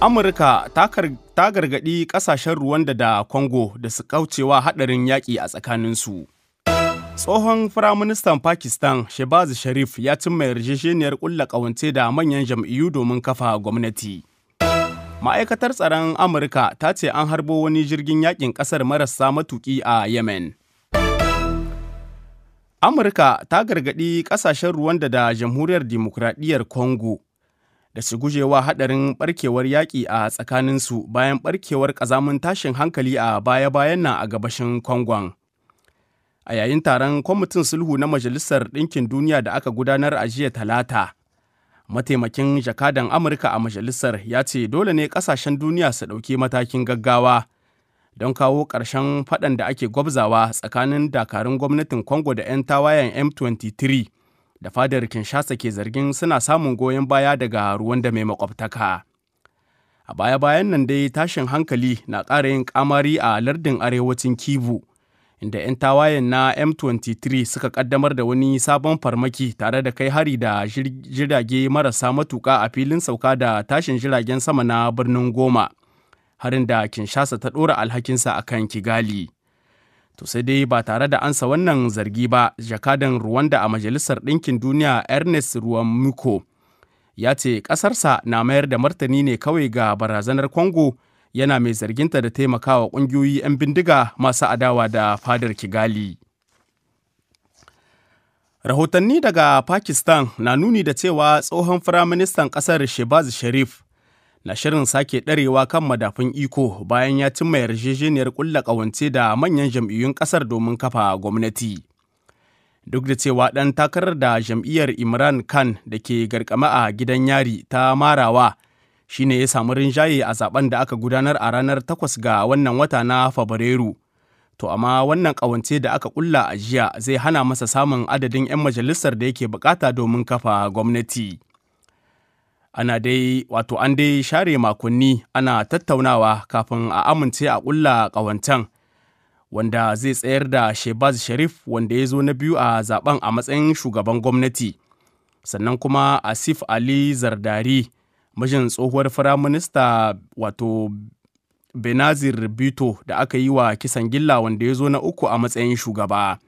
Amurka ta gargaɗi ƙasashen Ruwanda da Congo da su kaucewa haɗarin yaƙi a tsakaninsu. Tsohon Firaministan Pakistan Shehbaz Sharif ya cimma yarjejeniyar ƙulla ƙawance da manyan jam'iyyu domin kafa gwamnati. Ma'aikatar tsaron Amurka ta ce an harbo wani jirgin yaƙin ƙasar marasa matuƙi a Yemen. Amurka ta gargaɗi ƙasashen Ruwanda da Jamhuriyar Dimokuraɗiyyar Congo da su wa haɗarin ɓarkewar yaƙi a tsakaninsu bayan ɓarkewar ƙazamin tashin hankali a baya-bayan nan a gabashin Kongon. A yayin taron kwamitin sulhu na Majalisar Ɗinkin Duniya da aka gudanar a jiya Talata, mataimakin jakadan Amurka a majalisar ya ce dole ne ƙasashen duniya su ɗauki matakin gaggawa don kawo ƙarshen faɗan da ake gwabzawa tsakanin dakarun gwamnatin Kongo da 'yan tawayen M23. da fadar Kinshasa ke zargin suna samun goyon baya daga ruwan da mai makwabtaka. A baya-bayan nan dai tashin hankali na ƙara yin kamari a lardin arewacin Kivu, inda 'yan tawayen na M23 suka ƙaddamar da wani sabon farmaki tare da kai hari da jirage marasa matuƙa a filin sauka da tashin jiragen sama na birnin Goma, harin da Kinshasa ta ɗora alhakinsa a kan Kigali. To sai dai ba tare da ansa wannan zargi ba, jakadan Rwanda a Majalisar Ɗinkin Duniya Ernest miko ya ce ƙasarsa na mayar da martani ne kawai ga barazanar Congo yana mai zarginta da taimakawa ƙungiyoyi 'yan bindiga masu adawa da fadar Kigali. Rahotanni daga Pakistan na nuni da cewa tsohon firaministan ƙasar Shehbaz Sharif na shirin sake ɗarewa kan madafun iko bayan ya cimma yarjejeniyar ƙulla ƙawance da manyan jam'iyyun ƙasar domin kafa gwamnati. Duk da cewa ɗan takarar da jam'iyyar Imran Khan da ke garkama a gidan yari ta marawa shi ne ya samu rinjaye a zaben da aka gudanar a ranar 8 ga wannan wata na Fabrairu. to amma wannan ƙawance da aka ƙulla a jiya zai hana masa samun adadin 'yan majalisar da yake bukata domin kafa gwamnati. ana dai wato an dai share makonni ana tattaunawa kafin a amince a ƙulla ƙawancen wanda zai tsayar da shebaz sharif wanda ya zo na biyu a zaben a matsayin shugaban gwamnati sannan kuma asif ali zardari mijin tsohuwar firaminista wato benazir bito da aka yi wa kisan gilla wanda ya zo na uku a matsayin shugaba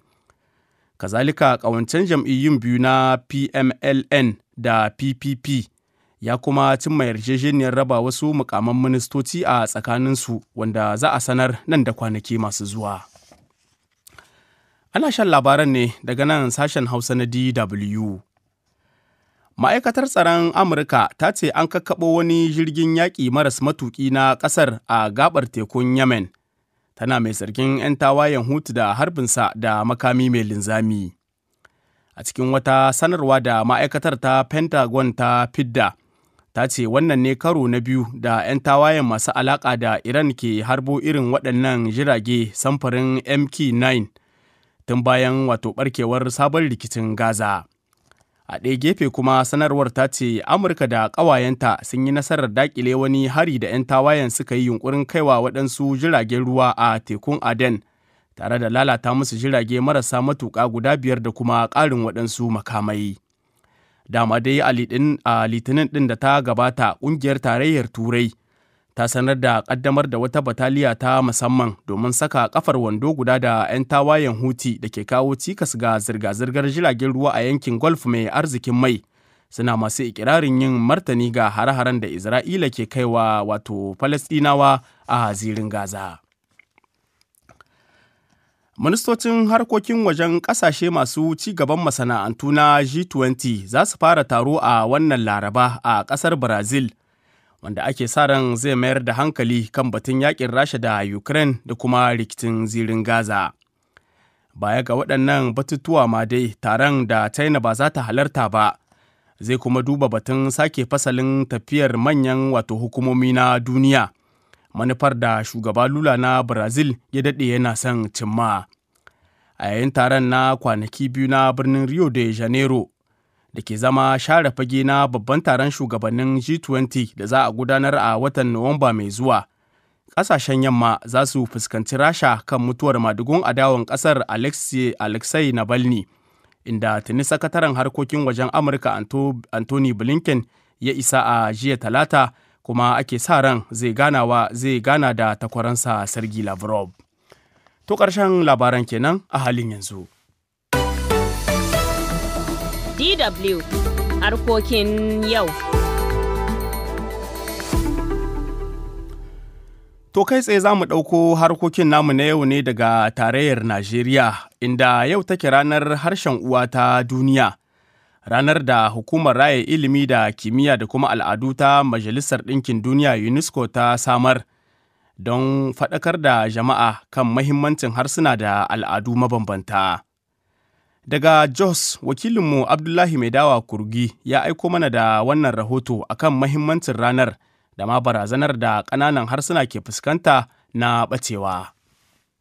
kazalika ƙawancen jam'iyyun biyu na pmln da ppp ya kuma cimma yarjejeniyar raba wasu mukaman ministoci a tsakaninsu wanda za a sanar nan da kwanaki masu zuwa. Ana shan labaran ne daga nan sashen Hausa na DW. Ma'aikatar tsaron Amurka ta ce an kakkaɓo wani jirgin yaƙi maras matuƙi na ƙasar a gaɓar tekun Yemen. Tana mai zargin 'yan tawayen hutu da harbinsa da makami mai linzami. A cikin wata sanarwa da ma'aikatar ta Pentagon ta fidda, ta ce wannan ne karo na biyu da 'yan tawayen masu alaƙa da iran ke harbo irin waɗannan jirage samfurin mk9 tun bayan wato barkewar sabon rikicin gaza a ɗaya gefe kuma sanarwar ta ce amurka da ƙawayenta sun yi nasarar daƙile wani hari da 'yan tawayen suka yi yunkurin kaiwa waɗansu jiragen ruwa a tekun aden tare da lalata musu jirage marasa matuƙa guda biyar da kuma ƙarin waɗansu makamai. dama dai a litinin din da ta gabata kungiyar tarayyar turai ta sanar da kaddamar da wata bataliya ta musamman domin saka kafar wando guda da 'yan tawayen huti da ke kawo cikas ga zirga-zirgar jiragen ruwa a yankin golf mai arzikin mai suna masu ikirarin yin martani ga har haren da isra'ila ke kaiwa wato falasdinawa a zirin gaza Ministocin harkokin wajen ƙasashe masu ci gaban masana'antu na G20 za su fara taro a wannan Laraba a ƙasar Brazil, wanda ake sa ran zai mayar da hankali kan batun yakin Rasha da Ukraine da kuma rikicin zirin Gaza. Baya ga waɗannan batutuwa ma dai taron da China ba za ta halarta ba. zai kuma duba batun sake fasalin tafiyar manyan wato hukumomi na duniya manufar da shugaba lula na brazil ya daɗe yana son cimma a yayin taron na kwanaki biyu na birnin rio de janeiro da ke zama share fage na babban taron shugabannin g20 da za a gudanar a watan nuwamba mai zuwa ƙasashen yamma za su fuskanci rasha kan mutuwar madugun adawan ƙasar alexei navalny inda tuni sakataren harkokin wajen amurka anthony blinken ya isa a jiya talata kuma ake sa ran zai ganawa zai gana da takwaransa Sergi Lavrov. To ƙarshen labaran kenan a halin yanzu. DW harkokin yau. To kai tsaye za mu ɗauko harkokin namu na yau ne daga tarayyar Najeriya, inda yau take ranar harshen uwa ta duniya. ranar da hukumar raya ilimi da kimiyya da kuma al'adu ta majalisar ɗinkin duniya unesco ta samar don faɗakar da jama'a kan mahimmancin harsuna da al'adu mabambanta daga jos wakilinmu abdullahi mai dawa kurgi ya aiko mana da wannan rahoto akan mahimmancin ranar da ma barazanar da ƙananan harsuna ke fuskanta na ɓacewa.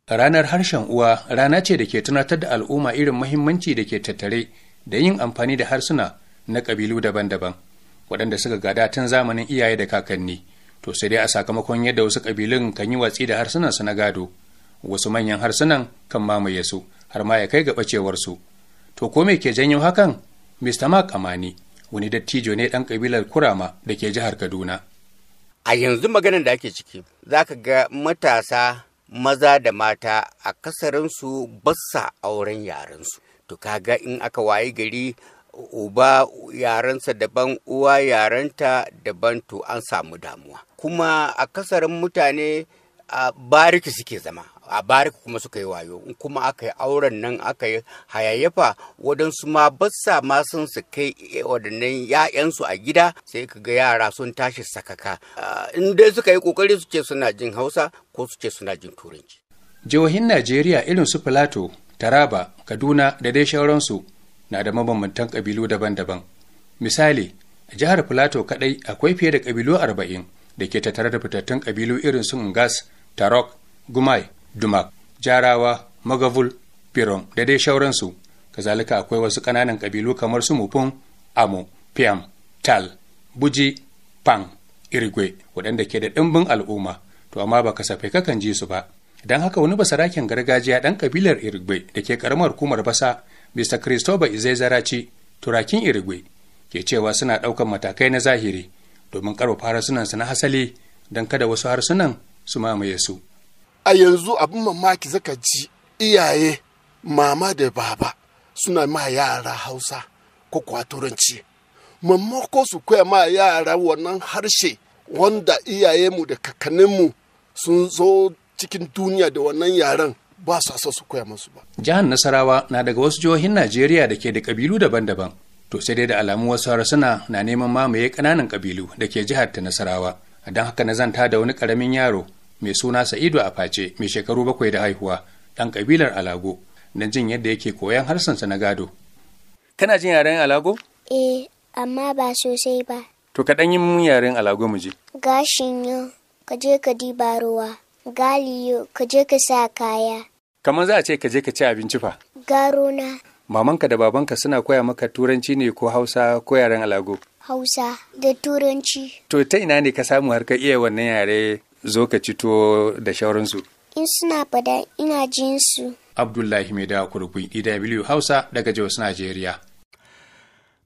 ranar harshen uwa rana ce da ke tunatar da al'umma irin mahimmanci da ke tattare da yin amfani da harsuna na ƙabilu daban-daban waɗanda suka gada tun zamanin iyaye da kakanni to sai dai a sakamakon yadda wasu ƙabilun kan yi watsi da harsunan su na gado wasu manyan harsunan kan mamaye su har ma ya kai ga ɓacewarsu to ko me ke janyo hakan mr mark amani wani dattijo ne ɗan ƙabilar kurama da ke jihar kaduna a yanzu maganar da ake ciki za ka ga matasa maza da mata a kasarinsu basa auren yarensu to kaga in aka wayi gari uba yarensa daban uwa yarenta daban to an samu damuwa kuma a kasarin mutane a bariki suke zama a bariki kuma suka yi wayo kuma aka yi auren nan aka yi hayayyafa waɗansu ma basa ma sun su kai eh, waɗannan ‘ya'yansu a gida sai ka ga yara sun tashi sakaka in dai suka yi ƙoƙari su suna jin hausa ko su suna jin turanci jihohin najeriya irin su plateau taraba kaduna da dai shauransu na da mabambantan ƙabilu daban-daban misali a jihar filato kaɗai akwai fiye da ƙabilu arba'in da ke tattare da fitattun ƙabilu irin su ngas tarok gumai dumak jarawa magavul firom da dai shauransu kazalika akwai wasu ƙananan ƙabilu kamar su mufun amo fiam tal buji pang irigwe waɗanda ke da ɗimbin al'umma to amma ba kasafai kakan ji su ba don haka wani basaraken gargajiya ɗan kabilar irigwe da ke karamar hukumar basa mr christopher izaizaraci turakin irigwe ke cewa suna ɗaukan matakai na zahiri domin ƙarfafa su na hasali don kada wasu harsunan su mamaye su a yanzu abin mamaki zaka ji iyaye mama da baba suna ma yara hausa ko kuwa turanci mamako su koya ma yara wannan harshe wanda iyayenmu da kakanninmu sun zo cikin duniya da wannan yaren ba su asa su koya masu ba. Jihar Nasarawa na daga wasu jihohin Najeriya da ke da kabilu daban-daban. To sai dai da alamu wasu harsuna na neman mamaye ƙananan kabilu da ke jihar ta Nasarawa. Don haka na zanta da wani ƙaramin yaro mai suna Sa'idu a face mai shekaru bakwai da haihuwa ɗan kabilar Alago na jin yadda yake koyan harsansa na gado. Kana jin yaren Alago? Eh, amma ba sosai ba. To ka ɗan yi mun yaren Alago mu je. Gashin yau, ka je ka diba ruwa. Galiyo, ka je ka sa kaya. Kamar za a ce ka je ka ci abinci fa? Garo Mamanka da babanka suna koya maka turanci ne ko Hausa ko yaren alago? Hausa da turanci. To ta ina ne ka samu har ka iya wannan yare zo ka ci tuwo da shauransu? In suna fada ina jin su. Abdullahi Mai Dawa Kurkun EW Hausa daga Jos Najeriya.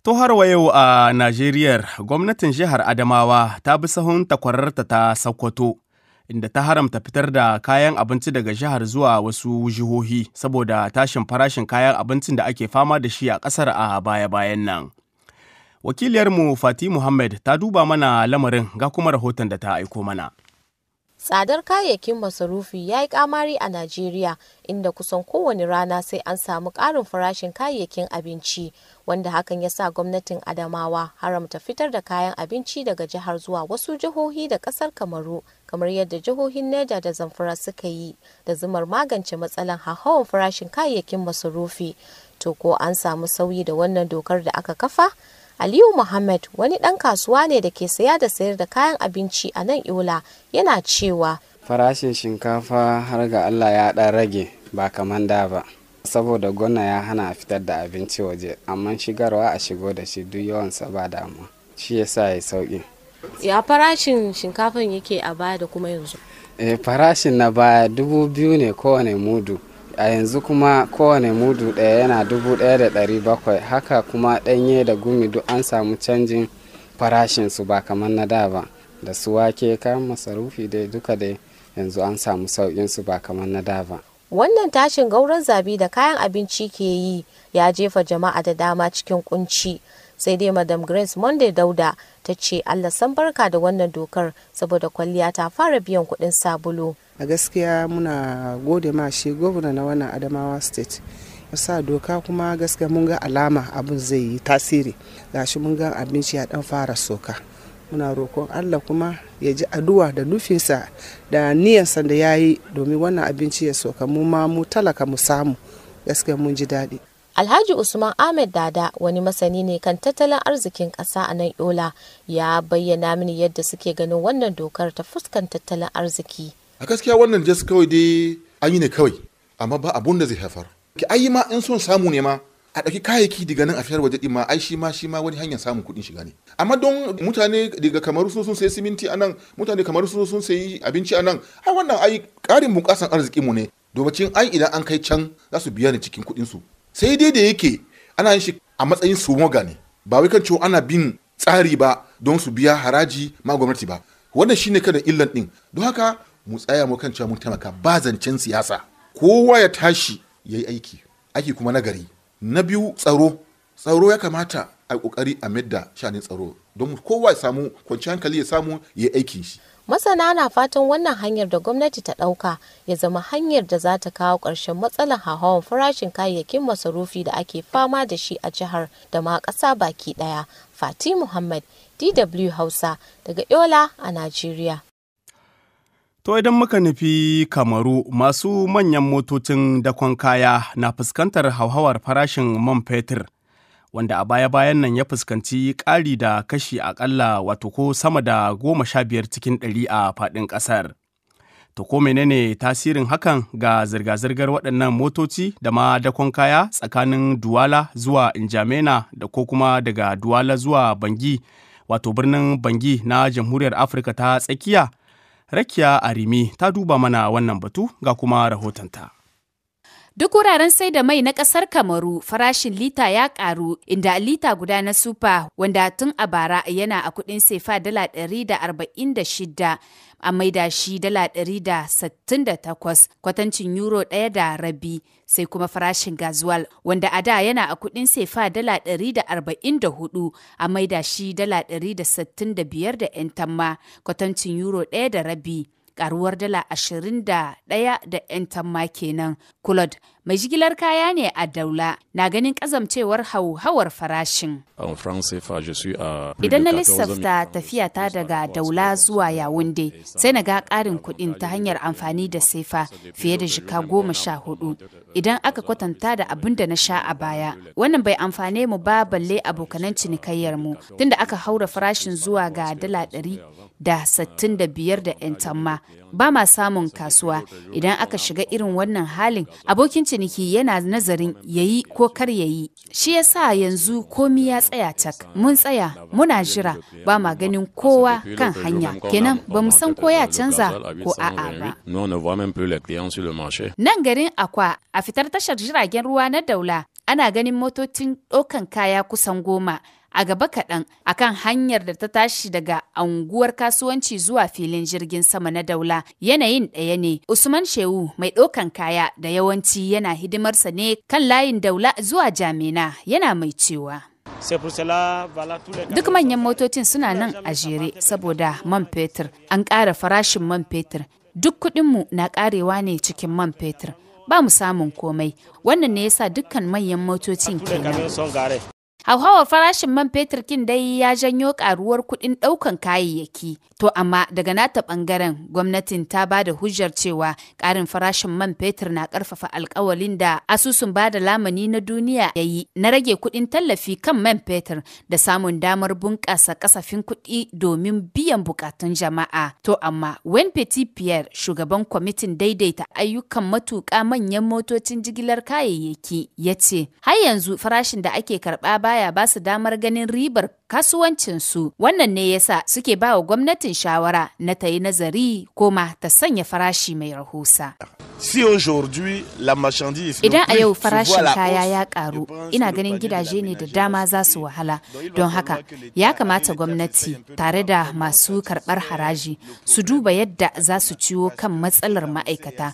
To har wa yau a Najeriya gwamnatin jihar Adamawa ta bi sahun takwararta ta Sokoto inda ta haramta fitar da kayan abinci daga jihar zuwa wasu jihohi saboda tashin farashin kayan abincin da ake fama da shi a ƙasar a baya-bayan nan. Wakiliyarmu Fati Muhammad ta duba mana lamarin ga kuma rahoton da ta aiko mana. Tsadar kayayyakin masarufi ya yi kamari a Najeriya inda kusan kowane rana sai an samu ƙarin farashin kayayyakin abinci wanda hakan ya sa gwamnatin Adamawa haramta fitar da kayan abinci daga jihar zuwa wasu jihohi da ƙasar Kamaru kamar yadda jihohin Neja da Zamfara suka yi da zumar magance matsalan hauhawar farashin kayayyakin masarufi. To ko an samu sauyi da wannan dokar da aka kafa? Aliyu Muhammad wani ɗan kasuwa ne da ke saya da sayar da kayan abinci a nan Iola yana cewa farashin shinkafa har ga Allah ya ɗan rage ba kaman da ba. Saboda gona ya hana a fitar da abinci waje amma shigarwa a shigo da shi duk yawansa ba damuwa shi ya sa ya sauƙi. Ya farashin shinkafan yake a baya da kuma yanzu? Eh farashin na baya dubu biyu ne kowane mudu. a yanzu kuma kowane mudu ɗaya yana dubu ɗaya da ɗari bakwai haka kuma ɗanye da gumi duk an samu canjin farashin su ba kamar na da ba da su wake kayan masarufi dai duka da yanzu an samu su ba kamar na da ba wannan tashin gauran zabi da kayan abinci ke yi ya jefa jama'a da dama cikin kunci sai dai madam grace monday dauda ta ce allah san barka da wannan dokar saboda kwalliya ta fara biyan kuɗin sabulu a gaskiya muna gode ma shi gwamna na wannan adamawa state sa doka kuma gaskiya mun ga alama abin zai yi tasiri ga shi mun ga abinci ya dan fara soka muna rokon allah kuma ya ji addu'a da nufinsa da niyansa da ya yi domin wannan abinci ya soka mu ma mu talaka mu samu gaskiya mun ji daɗi Alhaji Usman Ahmed Dada wani masani ne kan tattalin arzikin ƙasa a nan Yola ya bayyana mini yadda suke ganin wannan dokar ta fuskan tattalin arziki. a gaskiya wannan jas kawai dai an yi ne kawai amma ba abun da zai haifar ki ayi ma in son samu ne ma a ɗauki kayayyaki daga nan a fiyar waje ma ai shi ma shi ma wani hanyar samun kuɗin shiga ne amma don mutane daga kamar sun sun sayi siminti a nan mutane kamar sun sun sayi abinci a nan ai wannan ai ƙarin bunƙasan arzikinmu ne domin ai idan an kai can za su biya ni cikin kuɗinsu sai dai da yake ana yin shi a matsayin sumoga ne ba wai kan cewa ana bin tsari ba don su biya haraji ma gwamnati ba wannan shine kada illan ɗin don haka mu tsaya mu kan cewa mun taimaka ba zancen siyasa kowa ya tashi ya yi aiki aiki kuma na gari na biyu tsaro tsaro ya kamata a kokari a madda shanin tsaro don kowa ya samu kwanciyar hankali ya samu ya aikin shi masana na fatan wannan hanyar da gwamnati ta ɗauka ya zama hanyar da za ta kawo ƙarshen matsalar hauhawar farashin kayayyakin masarufi da ake fama da shi a jihar da ma ƙasa baki ɗaya fati muhammad dw hausa daga yola a najeriya To idan muka nufi Kamaru masu manyan motocin dakon kaya na fuskantar hauhawar farashin man fetur wanda a baya-bayan nan ya fuskanci ƙari da kashi aƙalla wato ko sama da goma sha biyar cikin ɗari a faɗin ƙasar. To ko menene tasirin hakan ga zirga-zirgar waɗannan motoci da ma dakon kaya tsakanin Duwala zuwa Injamena da ko kuma daga Duwala zuwa Bangi wato birnin Bangi na Jamhuriyar Afirka ta tsakiya? Rakiya Arimi ta duba mana wannan batu ga kuma rahotonta. Duk wuraren sai da mai na ƙasar Kamaru farashin lita ya ƙaru inda lita guda na sufa wanda tun a bara yana a kuɗin sefa dala ɗari da arba'in da shida a mai da shi dala ɗari da sittin da takwas kwatancin euro ɗaya da rabi sai kuma farashin gazuwal wanda a da yana a kuɗin sefa dala ɗari da arba'in da hudu a mai da shi dala ɗari da sittin da biyar da ‘yan tamma kwatancin euro ɗaya da rabi. karuwar dala ashirin da ɗaya da 'yan tamma kenan. Claude mai jigilar kaya ne a daula na ganin kazamcewar hauhawar farashin. Idan na lissafta tafiyata daga daula zuwa yawunde sai na ga ƙarin kuɗin ta hanyar amfani da sefa fiye da shika goma sha hudu idan aka kwatanta da abin da na sha a baya. Wannan bai amfane mu ba balle abokanan cinikayyar mu tunda aka haura farashin zuwa ga dala ɗari da sittin da biyar da 'yan tamma ba ma samun kasuwa idan aka shiga irin wannan halin abokin ciniki yana nazarin yayi ko kar yayi shi yasa yanzu komi ya tsaya tak mun tsaya muna jira ba ma ganin kowa kan hanya kenan ba mu san ko ya canza ko a'a ba nan garin akwa a fitar tashar jiragen ruwa na daula ana ganin motocin ɗaukan kaya kusan goma a gaba kaɗan a kan hanyar da ta tashi daga anguwar kasuwanci zuwa filin jirgin sama na daula yanayin ɗaya ne usman shehu mai ɗaukan kaya da yawanci yana hidimarsa ne kan layin daula zuwa jamina yana mai cewa Duk manyan motocin suna nan a jere saboda man fetur, an ƙara farashin man fetur, duk kuɗinmu na ƙarewa ne cikin man fetur, ba mu samun komai, wannan ne yasa dukkan manyan motocin ah, kenan. Hauhawar farashin man fetur kin dai ya janyo karuwar kuɗin ɗaukan kayayyaki. To amma daga nata ɓangaren gwamnatin ta ba da hujjar cewa ƙarin farashin man fetur na ƙarfafa alƙawalin da asusun ba da lamani na duniya ya yi na rage kuɗin tallafi kan man fetur da samun damar bunƙasa kasafin kuɗi domin biyan buƙatun jama'a. To amma Wen Petit Pierre shugaban kwamitin daidaita ayyukan matuƙa manyan motocin jigilar kayayyaki ya ce har yanzu farashin da ake karɓa ba baya ba su damar ganin ribar kasuwancinsu. Wannan ne yasa suke ba wa gwamnatin shawara na ta yi nazari ko ma ta sanya farashi mai rahusa. Idan a yau farashin kaya ya karu, ina ganin gidaje ne da dama za su wahala. Don haka, ya kamata gwamnati tare da masu karbar haraji su duba yadda za su ciwo kan matsalar ma'aikata.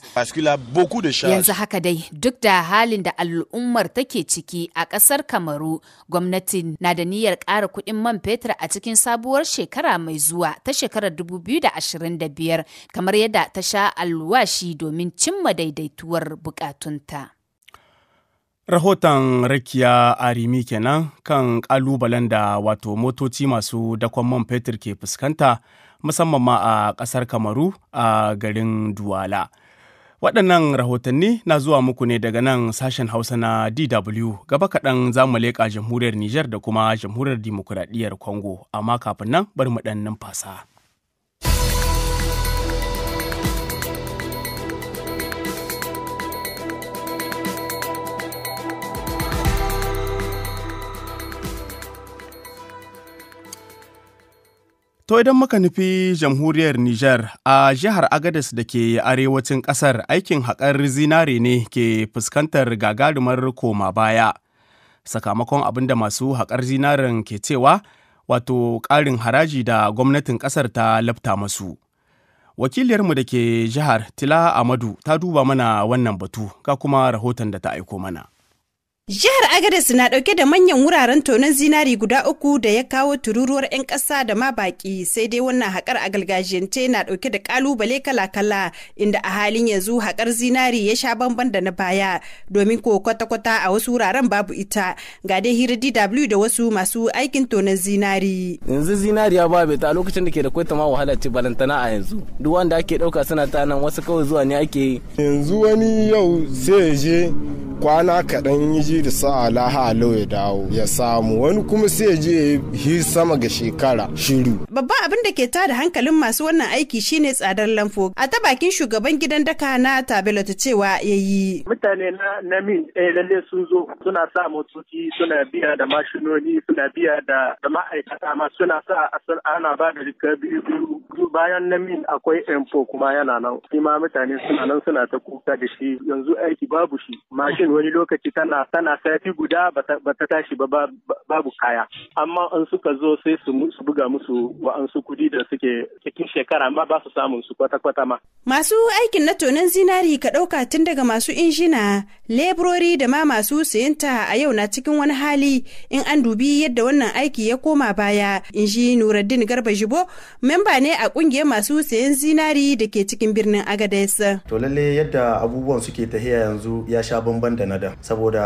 Yanzu haka dai, duk da halin da al'ummar take ciki a ƙasar Kamaru, gwamnati na da niyyar ƙara kuɗin man fetur a cikin sabuwar shekara mai zuwa ta shekarar 2025, kamar yadda ta sha alwashi domin cimma cimma daidaituwar bukatunta. Rahoton Rakiya Arimi kenan kan ƙalubalen da wato motoci masu dakon man fetur ke fuskanta musamman ma a ƙasar Kamaru a garin Duwala. Waɗannan rahotanni na zuwa muku ne daga nan sashen Hausa na DW gaba kaɗan za mu leƙa jamhuriyar Nijar da kuma jamhuriyar Dimokuraɗiyyar Kongo, amma kafin nan bari mu ɗan numfasa. To idan muka nufi jamhuriyar Nijar a jihar Agadez da ke arewacin ƙasar aikin haƙar zinare ne ke fuskantar gagarumar koma baya. Sakamakon abin da masu haƙar zinaren ke cewa wato ƙarin haraji da gwamnatin ƙasar ta lafta masu. Wakiliyarmu da ke jihar Tila Amadu ta duba mana wannan batu ga kuma rahoton da ta aiko mana. Jihar Agadez na ɗauke da manyan wuraren tonon zinari guda uku da ya kawo tururuwar 'yan ƙasa da ma baƙi sai dai wannan haƙar a gargajiyance na ɗauke da ƙalubale kala-kala inda a halin yanzu haƙar zinari ya sha bamban da na baya domin ko kwata-kwata a wasu wuraren babu ita ga dai hira DW da wasu masu aikin tonon zinari. Yanzu zinari ya ba ta a lokacin da ke da kwaita ma wahala ce balantana a yanzu duk wanda ake ɗauka suna ta nan wasu kawai zuwa ne ake Yanzu wani yau sai ya je kwana kaɗan yi sa alaha ya dawo ya samu wani kuma sai ya je yi sama ga shekara shiru. Babban abin da ke da hankalin masu wannan aiki shine tsadar lamfo. A ta bakin shugaban gidan daka na ta cewa ya yi. Mutane na Namin eh lalle sun zo suna sa motoci suna biya da mashinoni suna biya da ma'aikata ma suna sa ana ba da rika biyu bayan Namin akwai info kuma yana nan. Shi mutane suna nan suna ta kuka da shi yanzu aiki babu shi. Mashin wani lokaci tana tana na sati guda ba ta tashi ba babu kaya amma in suka zo sai su buga musu wa'ansu kudi da suke cikin shekara amma ba su samun su kwata-kwata ma. Masu aikin na tonon zinari ka ɗauka tun daga masu injina, leburori da ma masu sayanta a yau na cikin wani hali in an dubi yadda wannan aiki ya koma baya in ji Nuruddin Garba Jibo, memba ne a kungiyar masu sayan zinari da ke cikin birnin Agadez. To lalle yadda abubuwan suke tahiya yanzu ya sha bamban da na da saboda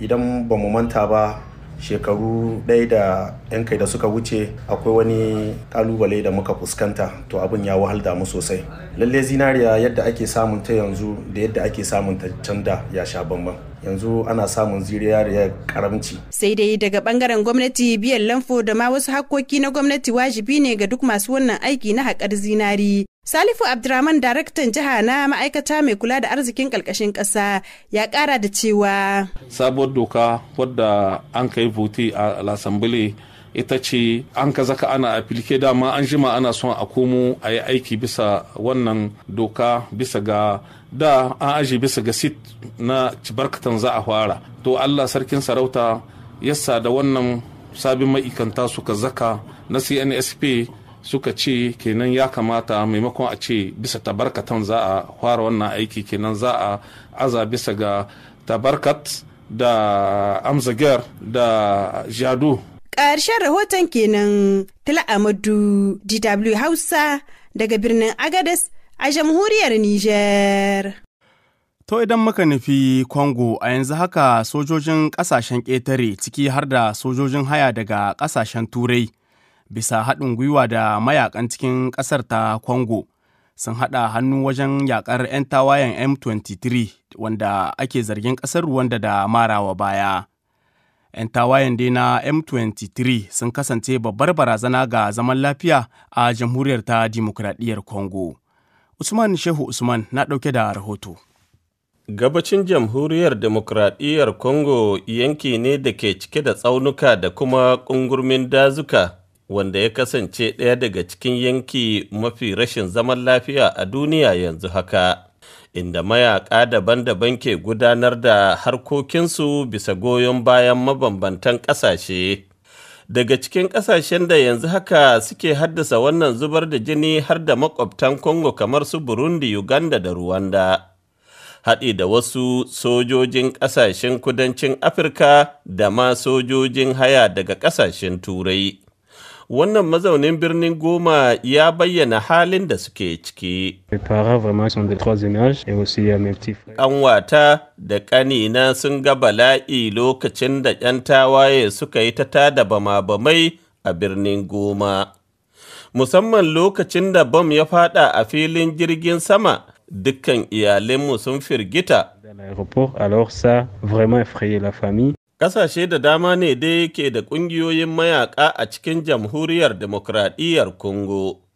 idan ba mu manta ba shekaru ɗaya da 'yan kai da suka wuce akwai wani ƙalubale da muka fuskanta to abin ya wahalda mu sosai lalle zinariya yadda ake samun ta yanzu da yadda ake samun ta can da ya sha bambam yanzu ana samun zinariya karamci sai dai daga bangaren gwamnati biyan lamfo da ma wasu hakkoki na gwamnati wajibi ne ga duk masu wannan aiki na haƙar zinari Salifu Abdurrahman daraktan jiha na ma'aikata mai kula da arzikin ƙarƙashin ƙasa ya ƙara da cewa. Sabuwar doka wadda an kai voti a Lasambule ita ce an ka zaka ana afilke dama an jima ana son a komo a yi aiki bisa wannan doka bisa ga da an aji bisa ga sit na cibarkatan za a fara. To Allah sarkin sarauta yasa da wannan sabin ma'ikanta suka zaka na CNSP suka ce kenan ya kamata maimakon a ce bisa tabarkatan za a fara wannan aiki kenan za a aza bisa ga tabarkat da amzagar da jadu ƙarshen rahoton kenan tila amadu dw hausa daga birnin agadas a jamhuriyar niger To idan muka nufi Congo a yanzu haka sojojin ƙasashen ƙetare ciki har da sojojin haya daga ƙasashen Turai bisa haɗin gwiwa da mayakan cikin ƙasar ta Congo sun haɗa hannu wajen yakar 'yan tawayen M23 wanda ake zargin ƙasar Rwanda da marawa baya. 'Yan tawayen dai na M23 sun kasance babbar barazana ga zaman lafiya a jamhuriyar ta dimokuraɗiyyar Congo. Usman Shehu Usman na ɗauke da rahoto. Gabacin jamhuriyar demokradiyyar Congo yanki ne da ke cike da tsaunuka da kuma ƙungurmin dazuka wanda ya kasance ɗaya daga cikin yanki mafi rashin zaman lafiya a duniya yanzu haka inda mayaƙa daban-daban ke gudanar da harkokinsu bisa goyon bayan mabambantan ƙasashe daga cikin ƙasashen da yanzu haka suke haddasa wannan zubar da jini har da makwabtan congo kamar su burundi uganda da rwanda haɗi da wasu sojojin ƙasashen kudancin afirka da ma sojojin haya daga ƙasashen turai wannan mazaunin birnin goma ya bayyana halin da suke ciki ƙanwata da ƙanina sun ga bala'i lokacin da 'yan tawaye suka yi ta tada bama-bamai a birnin goma musamman lokacin da bom ya fada a filin jirgin sama dukkan iyalinmu sun firgita Ƙasashe da dama ne dai ke da ƙungiyoyin mayaƙa a cikin jamhuriyar demokradiyyar Congo.